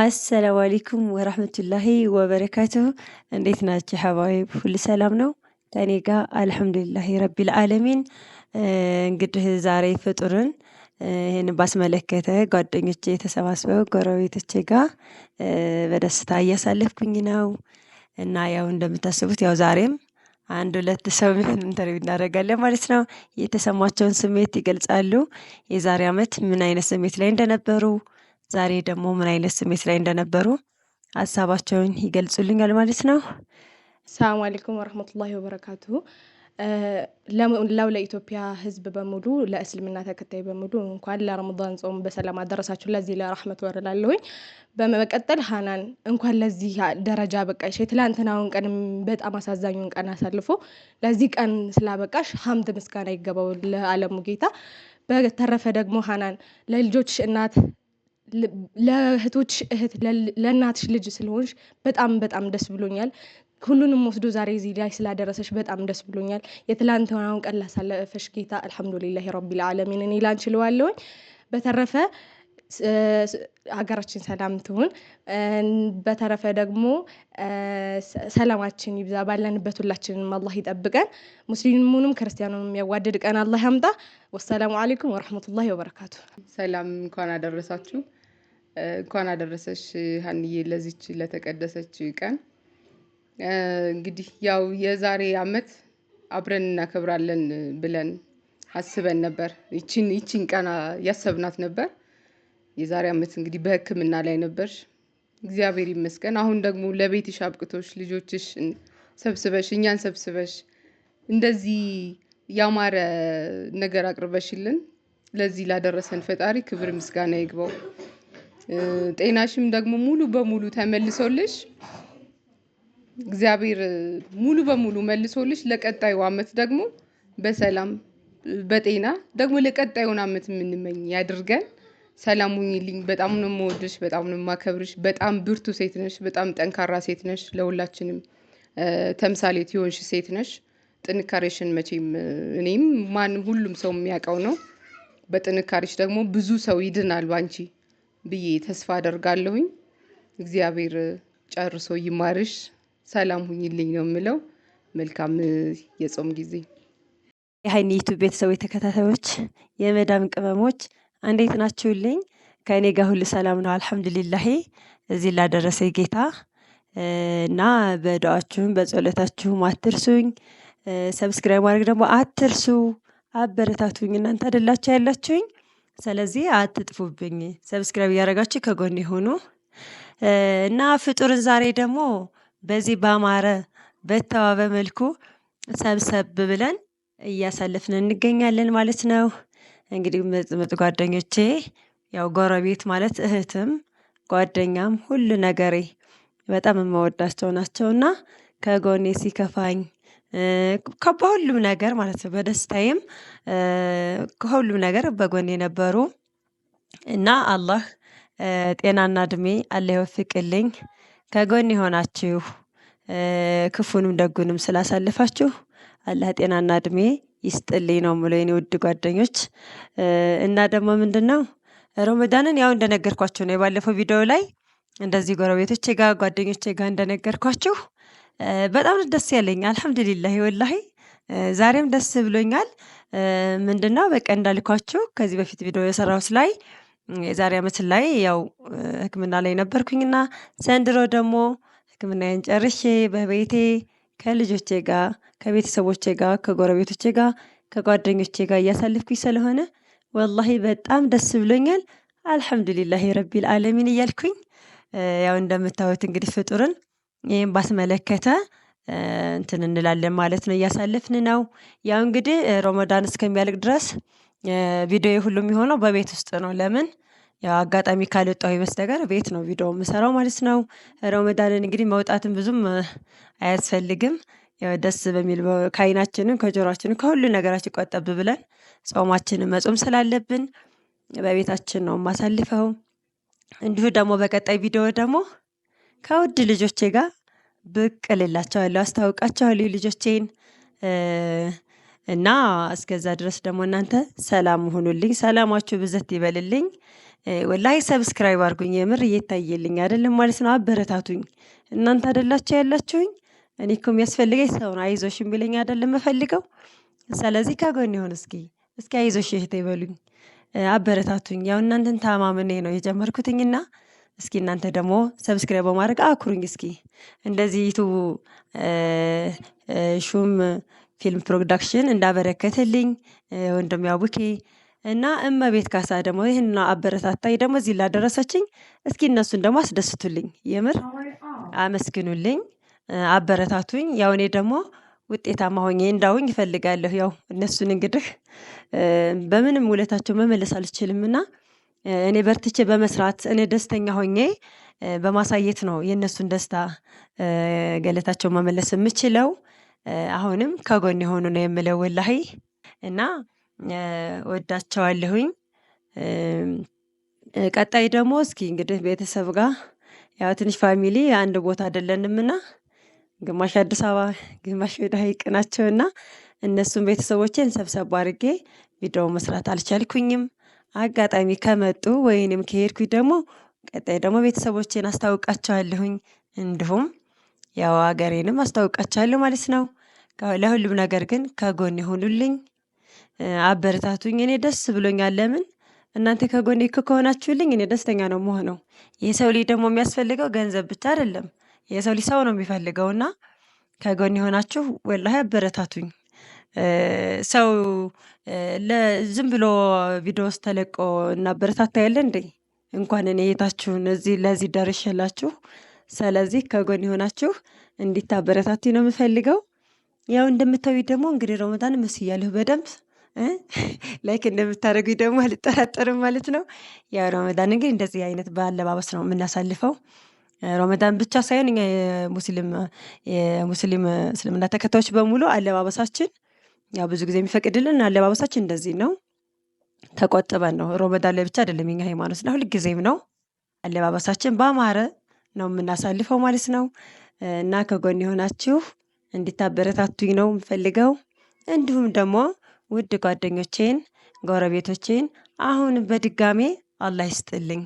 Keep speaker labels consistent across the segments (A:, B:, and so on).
A: አሰላሙ አለይኩም ወራህመቱላሂ ወበረካቱሁ። እንዴት ናችሁ ሀባይብ? ሁሉ ሰላም ነው ከኔ ጋር አልሐምዱሊላሂ ረቢል ዓለሚን። እንግዲህ ዛሬ ፍጡርን ይህን ባስመለከተ ጓደኞቼ ተሰባስበው ጎረቤቶቼ ጋር በደስታ እያሳለፍኩኝ ነው እና ያው እንደምታስቡት ያው ዛሬም አንድ ሁለት ሰው ኢንተርቪው እናደርጋለን ማለት ነው። የተሰማቸውን ስሜት ይገልጻሉ። የዛሬ አመት ምን አይነት ስሜት ላይ እንደነበሩ ዛሬ ደግሞ ምን አይነት ስሜት ላይ እንደነበሩ ሀሳባቸውን ይገልጹልኛል ማለት ነው።
B: ሰላም አሌይኩም ወረህመቱላሂ ወበረካቱ። ለመላው ለኢትዮጵያ ሕዝብ በሙሉ ለእስልምና ተከታይ በሙሉ እንኳን ለረመዳን ጾም በሰላም አደረሳችሁ። ለዚህ ለራህመት ወረላለሁኝ። በመቀጠል ሀናን እንኳን ለዚህ ደረጃ በቃሽ። የትላንትናውን ቀን በጣም አሳዛኙን ቀን አሳልፎ ለዚህ ቀን ስላበቃሽ ሀምድ ምስጋና ይገባው ለአለሙ ጌታ። በተረፈ ደግሞ ሀናን ለልጆች እናት ለእህቶች እህት ለእናትሽ ልጅ ስለሆንሽ በጣም በጣም ደስ ብሎኛል። ሁሉንም ወስዶ ዛሬ እዚህ ላይ ስላደረሰሽ በጣም ደስ ብሎኛል። የትላንትናውን ቀን ላሳለፈሽ ጌታ አልሐምዱሊላህ ረቢል ዓለሚን እኔ ላንቺ እለዋለሁኝ። በተረፈ ሀገራችን ሰላም ትሁን። በተረፈ ደግሞ ሰላማችን ይብዛ ባለንበት ሁላችንም አላህ ይጠብቀን። ሙስሊሙንም ክርስቲያኑን የሚያዋድድ ቀን አላህ ያምጣ። ወሰላሙ አሌይኩም ወረሕመቱላሂ ወበረካቱ።
C: ሰላም እንኳን አደረሳችሁ። እንኳን አደረሰሽ ሀንዬ ለዚች ለተቀደሰች ቀን። እንግዲህ ያው የዛሬ አመት አብረን እናከብራለን ብለን አስበን ነበር። ይችን ይችን ቀን ያሰብናት ነበር። የዛሬ አመት እንግዲህ በሕክምና ላይ ነበርሽ። እግዚአብሔር ይመስገን። አሁን ደግሞ ለቤትሽ አብቅቶሽ ልጆችሽ ሰብስበሽ እኛን ሰብስበሽ እንደዚህ ያማረ ነገር አቅርበሽልን ለዚህ ላደረሰን ፈጣሪ ክብር ምስጋና ይግባው። ጤናሽም ደግሞ ሙሉ በሙሉ ተመልሶልሽ እግዚአብሔር ሙሉ በሙሉ መልሶልሽ ለቀጣዩ አመት ደግሞ በሰላም በጤና ደግሞ ለቀጣዩን አመት የምንመኝ ያድርገን። ሰላም ሁኝልኝ። በጣም ነው የምወድሽ፣ በጣም ነው የማከብርሽ። በጣም ብርቱ ሴት ነሽ፣ በጣም ጠንካራ ሴት ነሽ። ለሁላችንም ተምሳሌት የሆንሽ ሴት ነሽ። ጥንካሬሽን መቼም እኔም ማንም ሁሉም ሰው የሚያውቀው ነው። በጥንካሬሽ ደግሞ ብዙ ሰው ይድናል ባንቺ። ብዬ ተስፋ አደርጋለሁኝ። እግዚአብሔር ጨርሶ ይማርሽ፣ ሰላም ሁኝልኝ ነው የምለው። መልካም የጾም ጊዜ።
A: የሀይኒ ዩቱብ ቤተሰቦች ተከታታዮች፣ የመዳም ቅመሞች እንዴት ናችሁልኝ? ከእኔ ጋር ሁሉ ሰላም ነው አልሐምዱሊላሂ። እዚህ ላደረሰ ጌታ እና በዳዋችሁም በጸሎታችሁም አትርሱኝ። ሰብስክራይብ ማድረግ ደግሞ አትርሱ። አበረታቱኝ። እናንተ አይደላችሁ ያላችሁኝ ስለዚህ አትጥፉብኝ። ሰብስክራይብ እያደረጋችሁ ከጎን የሆኑ እና ፍጡርን ዛሬ ደግሞ በዚህ ባማረ በተዋበ መልኩ ሰብሰብ ብለን እያሳለፍን እንገኛለን ማለት ነው። እንግዲህ መጥመጥ ጓደኞቼ፣ ያው ጎረቤት ማለት እህትም ጓደኛም ሁሉ ነገሬ በጣም የምወዳቸው ናቸውና ከጎኔ ሲከፋኝ በሁሉም ነገር ማለት ነው በደስታዬም ከሁሉም ነገር በጎን የነበሩ እና አላህ ጤናና እድሜ አላህ ይወፍቅልኝ ከጎን የሆናችሁ ክፉንም ደጉንም ስላሳልፋችሁ አላህ ጤናና እድሜ ይስጥልኝ ነው የምለው የኔ ውድ ጓደኞች። እና ደግሞ ምንድነው? ሮመዳንን ያው እንደነገርኳችሁ ነው የባለፈው ቪዲዮ ላይ እንደዚህ ጎረቤቶቼ ጋር ጓደኞቼ ጋር እንደነገርኳችሁ በጣም ደስ ያለኝ አልሀምድሊላሂ ወላሂ ዛሬም ደስ ብሎኛል። ምንድነው በቃ እንዳልኳችሁ ከዚህ በፊት ቪዲዮ የሰራሁት ላይ የዛሬ ዓመት ላይ ያው ህክምና ላይ ነበርኩኝና ዘንድሮ ደግሞ ህክምናዬን ጨርሼ በቤቴ ከልጆቼ ጋር ከቤተሰቦቼ ጋር ከጎረቤቶቼ ጋር ከጓደኞቼ ጋር እያሳለፍኩኝ ስለሆነ ወላሂ በጣም ደስ ብሎኛል። አልሀምድሊላሂ ረቢል ዓለሚን እያልኩኝ ያው እንደምታዩት እንግዲህ ፍጡርን ይህም ባስመለከተ እንትን እንላለን ማለት ነው እያሳለፍን ነው። ያው እንግዲህ ሮመዳን እስከሚያልቅ ድረስ ቪዲዮ ሁሉም የሆነው በቤት ውስጥ ነው። ለምን ያው አጋጣሚ ካልወጣሁኝ በስተቀር ቤት ነው ቪዲዮ የምሰራው ማለት ነው። ሮመዳንን እንግዲህ መውጣትን ብዙም አያስፈልግም። ደስ በሚል ከአይናችንም ከጆሯችንም ከሁሉ ነገራችን ቆጠብ ብለን ጾማችንን መጾም ስላለብን በቤታችን ነው የማሳልፈው። እንዲሁ ደግሞ በቀጣይ ቪዲዮ ደግሞ ከውድ ልጆቼ ጋር ብቅ እልላቸዋለሁ፣ አስታውቃቸዋለሁ ልጆቼን። እና እስከዛ ድረስ ደግሞ እናንተ ሰላም ሁኑልኝ፣ ሰላማችሁ ብዘት ይበልልኝ። ወላሂ ሰብስክራይብ አድርጉኝ፣ የምር እየታየልኝ አይደለም ማለት ነው። አበረታቱኝ። እናንተ አይደላችሁ ያላችሁኝ፣ እኔ እኮ የሚያስፈልገኝ ሰው ነው። አይዞሽ የሚለኝ አይደለም እፈልገው። ስለዚህ ከጎን ይሆን እስኪ እስኪ አይዞሽ እህቴ ይበሉኝ፣ አበረታቱኝ። ያው እናንተን ታማምኔ ነው የጀመርኩትኝና እስኪ እናንተ ደግሞ ሰብስክራይብ በማድረግ አኩሩኝ። እስኪ እንደዚህ ቱ ሹም ፊልም ፕሮዳክሽን እንዳበረከተልኝ ወንድም ያቡኬ እና እመቤት ካሳ ደግሞ ይህን አበረታታይ ደግሞ እዚህ ላደረሰችኝ፣ እስኪ እነሱን ደግሞ አስደስቱልኝ፣ የምር አመስግኑልኝ፣ አበረታቱኝ። ያው እኔ ደግሞ ውጤታማ ሆኜ እንዳውኝ ይፈልጋለሁ። ያው እነሱን እንግዲህ በምንም ውለታቸው መመለስ አልችልምና እኔ በርትቼ በመስራት እኔ ደስተኛ ሆኜ በማሳየት ነው የእነሱን ደስታ ገለታቸው መመለስ የምችለው። አሁንም ከጎን የሆኑ ነው የምለው ወላሂ እና ወዳቸዋለሁኝ ቀጣይ ደግሞ እስኪ እንግዲህ ቤተሰብ ጋር ያው ትንሽ ፋሚሊ አንድ ቦታ አይደለንምና ግማሽ አዲስ አበባ ግማሽ ወደ ሀይቅ ናቸውና እነሱን ቤተሰቦችን ሰብሰብ አድርጌ ቪዲዮ መስራት አልቻልኩኝም አጋጣሚ ከመጡ ወይንም ከሄድኩኝ ደግሞ ቀጣይ ደግሞ ቤተሰቦቼን አስታውቃቸዋለሁኝ እንዲሁም ያው ሀገሬንም አስታውቃቸዋለሁ ማለት ነው። ለሁሉም ነገር ግን ከጎን የሆኑልኝ አበረታቱኝ እኔ ደስ ብሎኛል። ለምን እናንተ ከጎን ይክ ከሆናችሁልኝ እኔ ደስተኛ ነው የምሆነው። የሰው ልጅ ደግሞ የሚያስፈልገው ገንዘብ ብቻ አይደለም የሰው ልጅ ሰው ነው የሚፈልገውና ከጎን የሆናችሁ ሆናችሁ ወላሂ አበረታቱኝ ሰው ዝም ብሎ ቪዲዮስ ተለቆ እናበረታታ ያለ እንዴ? እንኳን እኔ የታችሁን እዚህ ለዚህ ደርሼላችሁ፣ ስለዚህ ከጎን የሆናችሁ እንዲታበረታቱ ነው የምፈልገው። ያው እንደምታዩት ደግሞ እንግዲህ ረመዳን መስያለሁ በደንብ ላይክ እንደምታደርጉ ደግሞ አልጠራጠርም ማለት ነው። ያው ረመዳን እንግዲህ እንደዚህ አይነት በአለባበስ ነው የምናሳልፈው። ረመዳን ብቻ ሳይሆን እኛ የሙስሊም የሙስሊም እስልምና ተከታዮች በሙሉ አለባበሳችን ያው ብዙ ጊዜ የሚፈቅድልን አለባበሳችን እንደዚህ ነው። ተቆጥበን ነው። ሮመዳን ላይ ብቻ አይደለም የኛ ሃይማኖት ነው፣ ሁልጊዜም ነው። አለባበሳችን ባማረ ነው የምናሳልፈው ማለት ነው። እና ከጎን የሆናችሁ እንዲታበረታቱኝ ነው የምፈልገው። እንዲሁም ደግሞ ውድ ጓደኞቼን፣ ጎረቤቶቼን አሁን በድጋሜ አላህ ይስጥልኝ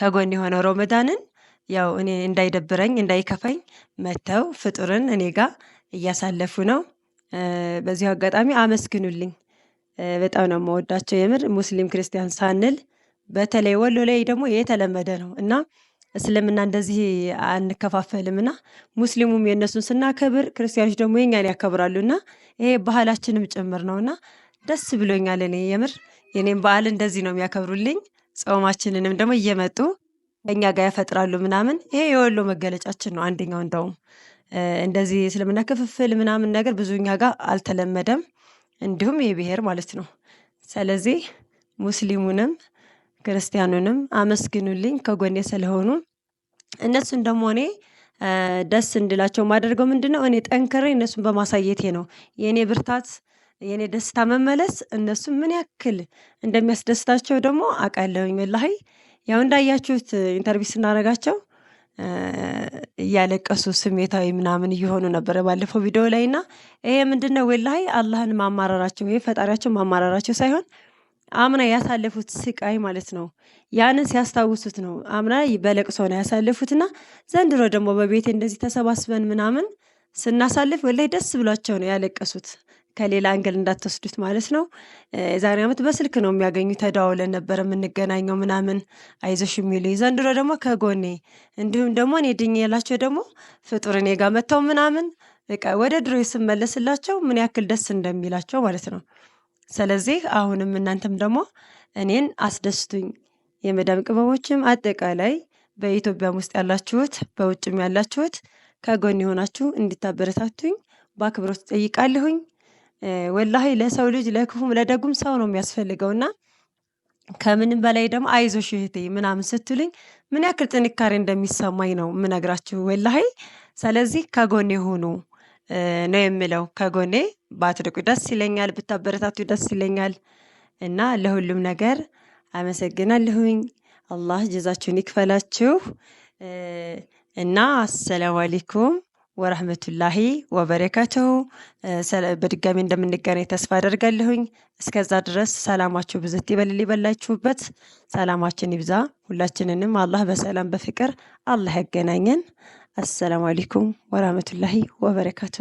A: ከጎን የሆነው ሮመዳንን ያው እኔ እንዳይደብረኝ እንዳይከፈኝ መተው ፍጡርን እኔ ጋር እያሳለፉ ነው። በዚሁ አጋጣሚ አመስግኑልኝ። በጣም ነው የምወዳቸው የምር ሙስሊም ክርስቲያን ሳንል በተለይ ወሎ ላይ ደግሞ የተለመደ ነው እና እስልምና እንደዚህ አንከፋፈልም እና ሙስሊሙም የእነሱን ስናከብር ክርስቲያኖች ደግሞ የኛን ያከብራሉ እና ይሄ ባህላችንም ጭምር ነው እና ደስ ብሎኛል። እኔ የምር የኔም በዓል እንደዚህ ነው የሚያከብሩልኝ። ጾማችንንም ደግሞ እየመጡ ከኛ ጋር ያፈጥራሉ ምናምን። ይሄ የወሎ መገለጫችን ነው አንደኛው እንደውም እንደዚህ የእስልምና ክፍፍል ምናምን ነገር ብዙ እኛ ጋር አልተለመደም። እንዲሁም የብሔር ማለት ነው። ስለዚህ ሙስሊሙንም ክርስቲያኑንም አመስግኑልኝ ከጎኔ ስለሆኑ እነሱን ደግሞ እኔ ደስ እንድላቸው ማደርገው ምንድን ነው? እኔ ጠንክሬ እነሱን በማሳየቴ ነው። የእኔ ብርታት፣ የእኔ ደስታ መመለስ እነሱ ምን ያክል እንደሚያስደስታቸው ደግሞ አውቃለሁኝ። ወላሂ ያው እንዳያችሁት ኢንተርቪው ስናደርጋቸው እያለቀሱ ስሜታዊ ምናምን እየሆኑ ነበረ ባለፈው ቪዲዮ ላይ እና ይሄ ምንድነው ወላሂ አላህን ማማረራቸው ወይ ፈጣሪያቸው ማማራራቸው ሳይሆን አምና ያሳለፉት ስቃይ ማለት ነው። ያንን ሲያስታውሱት ነው አምና በለቅሶ ነው ያሳለፉትና ዘንድሮ ደግሞ በቤቴ እንደዚህ ተሰባስበን ምናምን ስናሳልፍ ወላሂ ደስ ብሏቸው ነው ያለቀሱት። ከሌላ አንገል እንዳትወስዱት ማለት ነው። የዛሬ ዓመት በስልክ ነው የሚያገኙ ተደዋውለን ነበር የምንገናኘው ምናምን አይዞሽ የሚሉኝ ዘንድሮ ደግሞ ከጎኔ እንዲሁም ደግሞ እኔ ድኜላቸው ደግሞ ፍጡር እኔ ጋር መጥተው ምናምን በቃ ወደ ድሮ ስመለስላቸው ምን ያክል ደስ እንደሚላቸው ማለት ነው። ስለዚህ አሁንም እናንተም ደግሞ እኔን አስደስቱኝ። የመዳም ቅመሞችም አጠቃላይ በኢትዮጵያም ውስጥ ያላችሁት በውጭም ያላችሁት ከጎን የሆናችሁ እንድታበረታቱኝ በአክብሮት ጠይቃለሁኝ። ወላሂ ለሰው ልጅ ለክፉም ለደጉም ሰው ነው የሚያስፈልገው እና ከምንም በላይ ደግሞ አይዞሽ እህቴ ምናምን ስትሉኝ ምን ያክል ጥንካሬ እንደሚሰማኝ ነው የምነግራችሁ ወላሂ። ስለዚህ ከጎኔ ሆኑ ነው የምለው። ከጎኔ ባትርቁ ደስ ይለኛል፣ ብታበረታቱ ደስ ይለኛል። እና ለሁሉም ነገር አመሰግናለሁኝ። አላህ ጀዛችሁን ይክፈላችሁ እና አሰላሙ አሌይኩም ወረህመቱላሂ ወበረከቱ። በድጋሚ እንደምንገናኝ ተስፋ አደርጋለሁኝ። እስከዛ ድረስ ሰላማችሁ ብዝት ይበልል። ይበላችሁበት ሰላማችን ይብዛ። ሁላችንንም አላህ በሰላም በፍቅር አላህ ያገናኘን። አሰላሙ አለይኩም ወረህመቱላሂ ወበረከቱ።